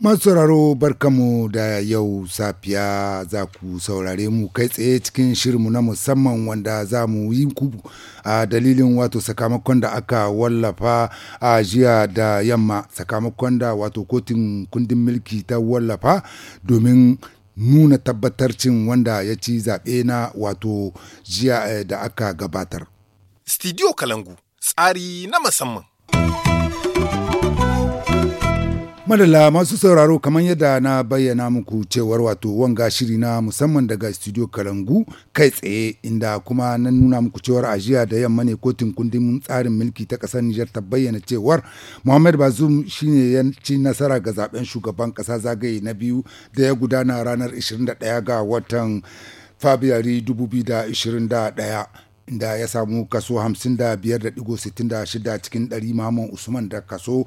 masauraro barkamu da yau safiya za ku saurare mu kai tsaye cikin shirinmu na musamman wanda za mu yi ku a dalilin wato sakamakon da aka wallafa a jiya da yamma sakamakon da wato kotun kundin mulki ta wallafa domin nuna tabbatarcin wanda ya ci zaɓe na wato jiya eh, da aka gabatar. Studio Kalangu tsari na musamman. madalla masu sauraro kamar yadda na bayyana muku cewar wato wanga shiri na musamman daga studio kalangu kai tsaye inda kuma na nuna muku cewar ajiya da yamma ne kotun kundin tsarin mulki ta kasar nijar ta bayyana cewar muhammad bazum shine ya ci nasara ga zaben shugaban kasa zagaye na biyu da ya gudana ranar 21 ga watan dubu 2021 da ya samu kaso 55.66 cikin 100 maman usman da kaso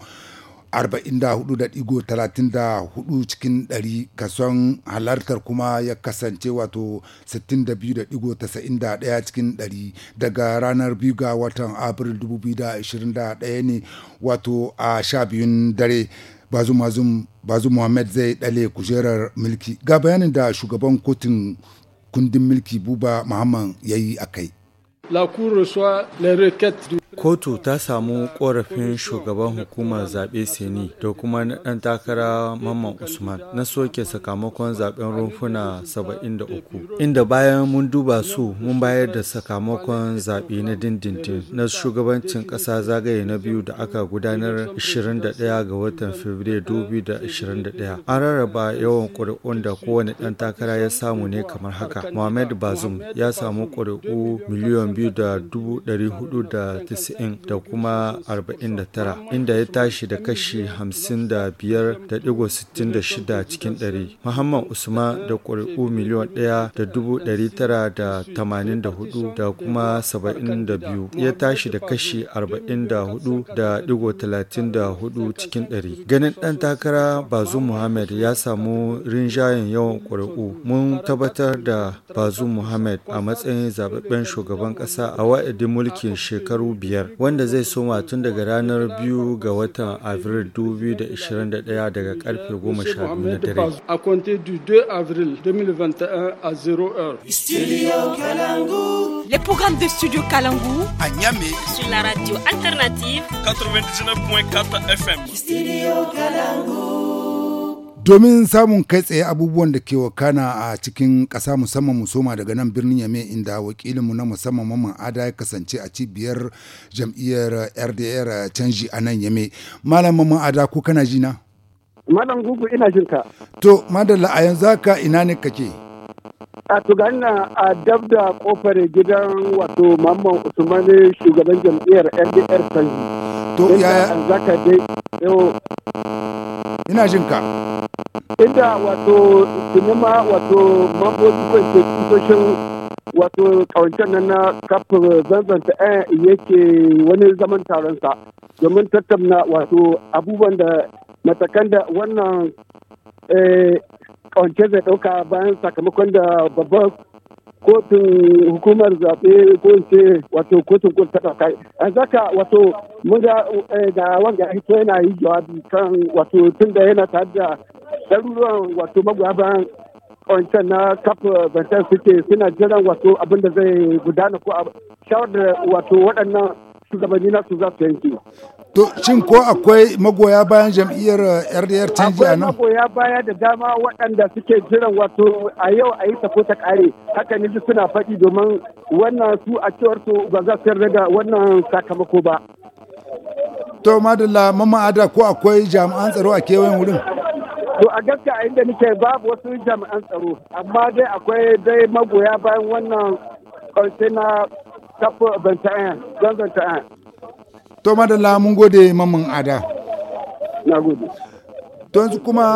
44.34 cikin 100 kason halartar kuma ya kasance wato 62.91 cikin 100 daga ranar biyu ga watan abril 2021 ne wato a sha biyun dare bazu muhammad zai dale kujerar mulki ga bayanin da shugaban kotun kundin mulki buba muhammad ya yi a kai la cour reçoit les requêtes du kotu ta samu korafin shugaban hukumar zaɓe seni da kuma na ɗan takara mamman usman na soke sakamakon zaɓen rumfuna 73 inda bayan mun duba su mun bayar da sakamakon zaɓe na dindindin na shugabancin ƙasa zagaye na biyu da aka gudanar 21 ga watan fabrairu 2021 an rarraba yawan ƙuri'un da kowane ɗan takara ya samu ne kamar haka mohamed bazum ya samu ƙuri'u miliyan 2 da 90 da kuma 49 inda ya tashi da kashi 55.66 cikin 100. Muhammad Usman da ƙuri'u miliyan 1,984 da kuma 72 ya tashi da kashi 44.34 cikin 100. Ganin ɗan takara Bazu Muhammad ya samu rinjayen yawan ƙuri'u. Mun tabbatar da Bazu Muhammad a matsayin zababben shugaban ƙasa a wa'adin mulkin shekaru biyar. biyar wanda zai soma tun daga ranar biyu ga watan Afril 2021 daga karfe 12 na dare. Studio Kalangu. Les programmes de Studio Kalangu à Niamey sur la radio alternative 99.4 FM. Studio Kalangu. domin samun kai tsaye abubuwan da ke wakana a cikin ƙasa musamman musoma daga nan birnin yame inda wakilinmu na musamman mamman ada ya kasance a cibiyar jam'iyyar rdr canji a nan yame malam mamman ada ko kana jina malam gugu ina jin ka to madalla a yanzu haka ina ne kake a tugana a dab da kofar gidan wato mamman usman shugaban jam'iyyar rdr canji to yaya zaka dai ina jin ka inda wato sinima wato mambobi ko ce kusoshin wato kawancen nan na kafin zanzanta ɗaya yake wani zaman taron sa domin tattauna wato abubuwan da matakan da wannan kawance eh, zai ɗauka bayan sakamakon da babban kotun hukumar zaɓe ko ce wato kotun kotu ta ɗauka a zaka wato mun ga eh, wanda hito yana yi jawabi kan wato tun da yana tare da ɗaruruwan wato magoya bayan na kaf zancen suke suna jiran wato abin da zai gudana ko a shawar da wato waɗannan shugabanni na su za su yanke. To shin ko akwai magoya bayan jam'iyyar RDR eh, ji a nan? Akwai magoya baya da dama waɗanda suke jiran wato a yau a yi tafo ta ƙare haka ne suna faɗi domin wannan su a cewar su ba za su yarda da wannan sakamako ba. To madalla mama ada ko akwai jami'an tsaro a kewayen wurin? To a gaskiya a inda nake babu wasu jami'an tsaro amma dai akwai dai magoya bayan wannan kwantena tafi zanta'an don zanta'an. To madalla mun gode mamman ada. Na gode. To yanzu kuma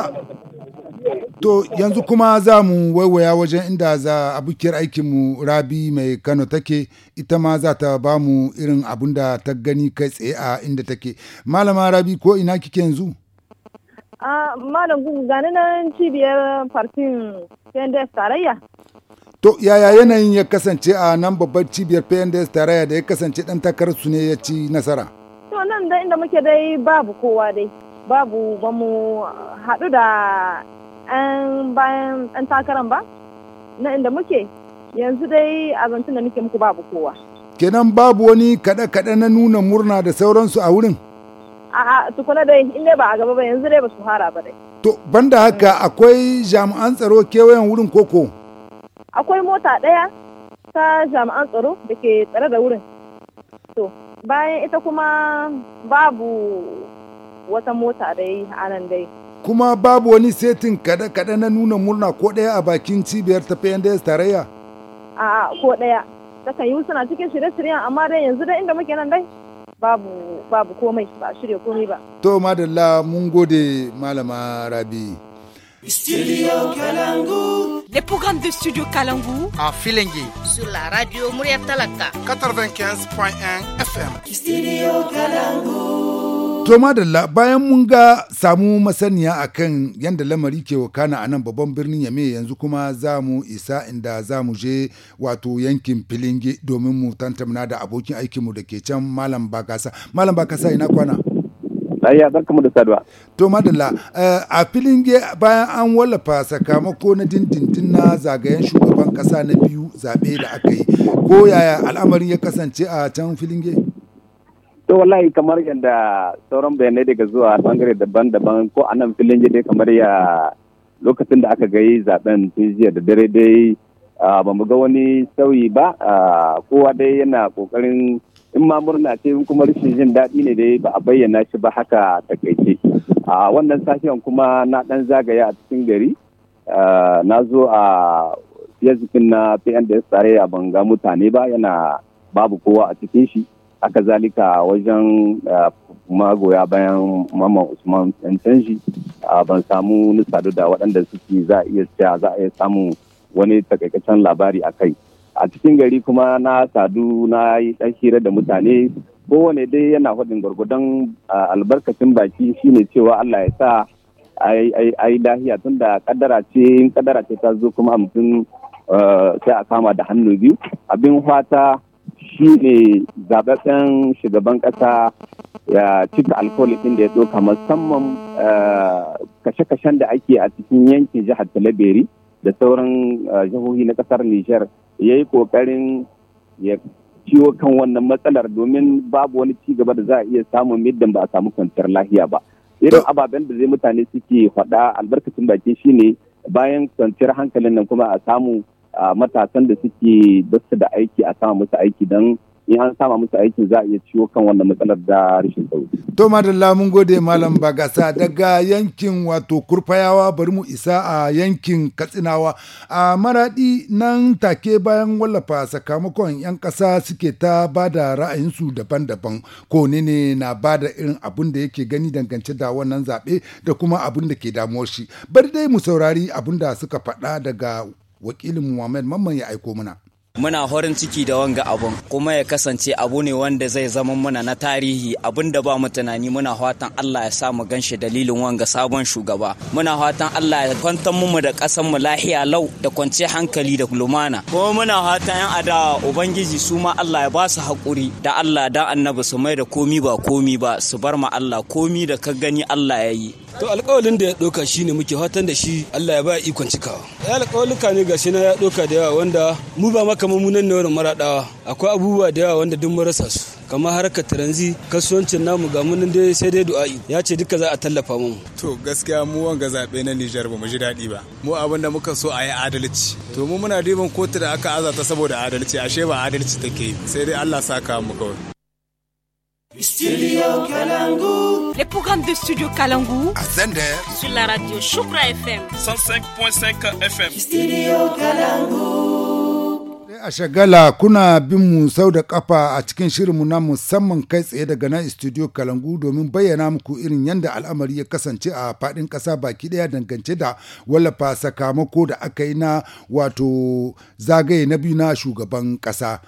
To yanzu kuma za mu waiwaya wajen inda za abokiyar aikinmu rabi mai Kano take ita ma za ta ba mu irin abun da ta gani kai tsaye a inda take. Malama rabi ko ina kike yanzu? Ah, Malam Gugu gani nan cibiyar farfin PNDS tarayya. To yaya yanayin ya kasance a nan babbar cibiyar PNDS tarayya da ya kasance dan takarar su ne ya ci nasara? To nan da inda muke dai babu kowa dai. Babu ba mu haɗu da ɗan bayan ɗan takaran ba. Na inda muke yanzu dai a zancen da muke muku babu kowa. Kenan babu wani kaɗe-kaɗe na nuna murna da sauransu a wurin? A'a tukuna dai in dai ba a gaba ba yanzu dai ba su fara ba dai. To banda haka akwai jami'an tsaro kewayen wurin koko? Akwai mota ɗaya ta jami'an tsaro da ke tsare da wurin. To bayan ita kuma babu wata mota dai a nan dai. Kuma babu wani setin kaɗe-kaɗe na nuna murna ko ɗaya a bakin cibiyar tafiyan da tarayya? A'a ko ɗaya. Takan yi suna cikin shirye-shiryen amma dai yanzu dai inda muke nan dai babu babu komai ba shirya komai ba to madalla mun gode malama rabi Studio Kalangu. Le programme de Studio Kalangu en Filengi sur la radio Muriatalaka 95.1 FM. Studio Kalangu. To madalla bayan mun ga samu masaniya a kan yadda lamari ke wakana a nan babban birnin Yame yanzu kuma za mu isa inda za mu je wato yankin Filinge domin mu tantamna da abokin aikinmu da ke can Malam Bakasa. Malam Bakasa ina kwana. barkamu da saduwa. To madalla eh, a Filinge bayan an wallafa sakamako na dindindin na zagayen shugaban kasa na biyu zaɓe da aka yi. Ko yaya al'amarin ya kasance a can Filinge? to wallahi kamar yadda sauran bayanai daga zuwa bangare daban-daban ko a nan filin jini kamar ya lokacin da aka gai zaben tun da dare dai ba mu ga wani sauyi ba kowa dai yana kokarin in ma murna ce in kuma rashin jin daɗi ne dai ba a bayyana shi ba haka takaice a wannan safiyan kuma na ɗan zagaya a cikin gari na zo a zikin na da ya tare a ga mutane ba yana babu kowa a cikin shi haka zalika wajen ah, magoya bayan mamman usman canji ah, ban samu nisadu da waɗanda suke za a iya za a iya samu wani takaikacen labari a kai a cikin gari kuma na sadu na yi ɗan hira da mutane kowane dai yana faɗin gwargwadon ah, albarkacin baki shine cewa allah ya sa a yi lahiya tun da kaddara ce in kaddara ce ta zo kuma mutum sai a kama da hannu biyu abin fata shi ne zaɓaɓɓen shugaban ƙasa ya cika alkawalin da ya doka musamman eh, kashe-kashen da ake a cikin yankin jihar talabiri da sauran eh, jihohi na ƙasar nijar ya yi ƙoƙarin ya ciwo kan wannan matsalar domin babu wani ci gaba da za a iya samun middan ba a samu kwanciyar lahiya ba irin ababen da zai mutane suke faɗa albarkacin baki shine bayan kwanciyar hankalin nan kuma a samu a matasan da suke basu da aiki a sama musu aiki don in an sama musu aiki za a iya ciwo kan wannan matsalar da rashin tsaro. To madalla mun gode malam Bagasa daga yankin wato Kurfayawa bari mu isa a yankin Katsinawa a maradi nan take bayan wallafa sakamakon 'yan ƙasa suke ta ba da ra'ayinsu daban-daban ko ne ne na ba da irin abun da yake gani dangance da wannan zaɓe da kuma abun da ke damuwar shi bari dai mu saurari abun da suka faɗa daga wakilin muhammad mamman ya aiko mana muna horin ciki da wanga abun kuma ya kasance abu ne wanda zai zama muna na tarihi abin da ba mu tunani muna fatan Allah ya sa mu ganshi dalilin wanga sabon shugaba muna fatan Allah ya kwantar mu da kasan mu lahiya lau da kwance hankali da lumana kuma muna fatan yan adawa ubangiji su ma Allah ya ba su hakuri da Allah dan annabi su mai da komi ba komi ba su bar ma Allah komi da ka gani Allah ya yi to alƙawalin da ya ɗauka shi ne muke fatan da shi Allah ya ba ikon cikawa ya alkawalika ne gashi na ya ɗauka da yawa wanda mu ba maka mu nan ne wurin maraɗawa akwai abubuwa da yawa wanda duk marasa su kamar harkar taranzi kasuwancin namu ga munin dai sai dai du'a'i ya ce duka za a tallafa mu to gaskiya mu wanga zaɓe na Nijar ba mu ji daɗi ba mu abin da muka so a yi adalci to mu muna diban kotu da aka azata saboda adalci ashe ba adalci take sai dai Allah saka mu kawai Studio Kalangu. Les programmes de Studio Kalangu. À Zender. Sur la radio Choukra FM. 105.5 FM. Studio Kalangu. Eh, a shagala kuna bin mu sau da kafa a cikin shirinmu na musamman kai tsaye daga nan studio Kalangu domin bayyana muku irin yadda al'amari ya kasance a faɗin ƙasa baki daya dangance da wallafa sakamako da aka yi na wato zagaye na biyu na shugaban ƙasa.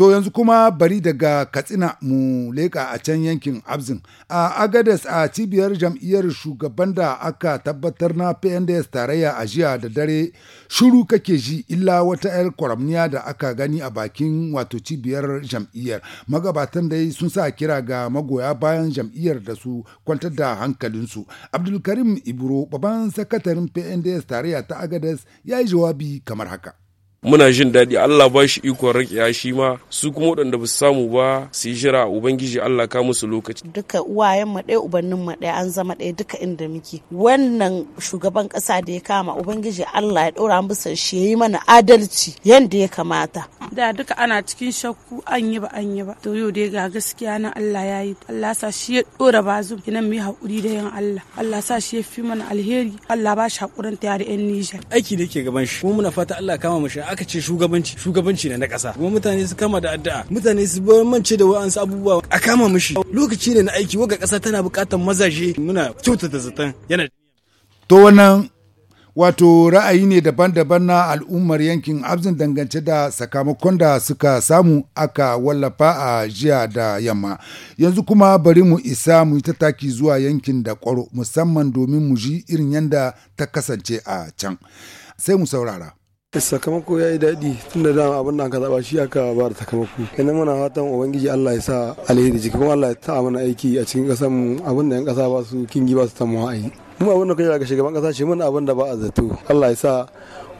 To yanzu kuma bari daga Katsina mu leka a can yankin Abzin. A Agades a cibiyar jam'iyyar shugaban da aka tabbatar na PNDS tarayya a jiya da dare shuru kake ji illa wata 'yar kwaramniya da aka gani a bakin wato cibiyar jam'iyyar. Magabatan dai sun sa kira ga magoya bayan jam'iyyar da su kwantar da hankalinsu. Abdulkarim Ibro, babban sakataren PNDS tarayya ta Agades ya yi jawabi kamar haka. muna jin daɗi Allah ba shi ikon ya shi ma su kuma waɗanda ba su samu ba su yi jira ubangiji Allah ka musu lokaci duka uwayen mu ɗaya ubannin mu ɗaya an zama ɗaya duka inda muke wannan shugaban ƙasa da ya kama ubangiji Allah ya ɗora musu shi ya yi mana adalci yadda ya kamata da duka ana cikin shakku an yi ba an yi ba to yau dai ga gaskiya nan Allah ya yi Allah sa shi ya dora bazu kinan mu yi hakuri da yan Allah Allah sa shi ya fi mana alheri Allah ba shi hakurin ta yare yan Niger aiki da ke gaban shi kuma muna fata Allah kama mu shi aka ce shugabanci shugabanci ne na kasa kuma mutane su kama da addu'a mutane su bar mance da wa'ansu abubuwa a kama mishi lokaci ne na aiki waga kasa tana bukatar mazaje muna kyautata zaton yana to wannan wato ra'ayi ne daban-daban na al'ummar yankin abzin dangance da sakamakon da suka samu aka wallafa a jiya da yamma yanzu kuma bari mu isa mu yi taki zuwa yankin da kwaro musamman domin mu ji irin yadda ta kasance a can sai mu saurara sakamako ya yi daɗi tun da dama abin da aka zaɓa shi aka ba da sakamako kenan muna fatan ubangiji allah ya sa alheri jiki kuma allah ya ta mana aiki a cikin ƙasar abin da yan ƙasa ba su kingi ba su tamuwa a yi mu abin da kai daga shugaban kasa shi mun abin da ba a zato Allah ya sa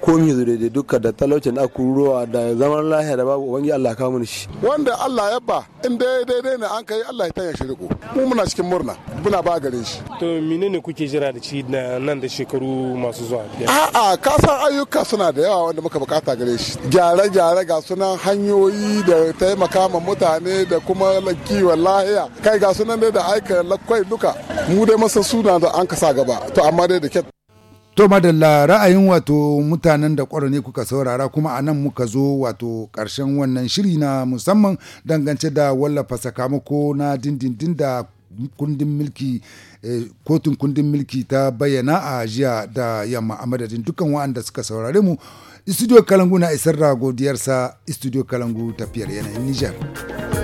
komi zure da duka da talaucin da aku ruwa da zaman lahiya da babu ubangi Allah kawo mun shi wanda Allah ya ba in dai daidai ne an kai Allah ya tanya shi riko mu muna cikin murna muna ba gare shi to menene kuke jira da shi nan da shekaru masu zuwa a'a ka san ayyuka suna da yawa wanda muka bukata gare shi gyare gyare ga sunan hanyoyi da taimaka ma mutane da kuma kiwon lahiya kai ga sunan dai da aika lakwai duka mu dai masa suna da an sa gaba to amma dai da kyau To madalla ra'ayin wato mutanen da kwaro kuka saurara kuma a nan muka zo wato ƙarshen wannan shiri na musamman dangance da wallafa sakamako na dindindin da kundin milki eh, kotun kundin milki ta bayyana a jiya da yamma a madadin dukkan waɗanda suka saurare mu studio kalangu na isar da godiyarsa studio kalangu tafiyar yanayin nijar.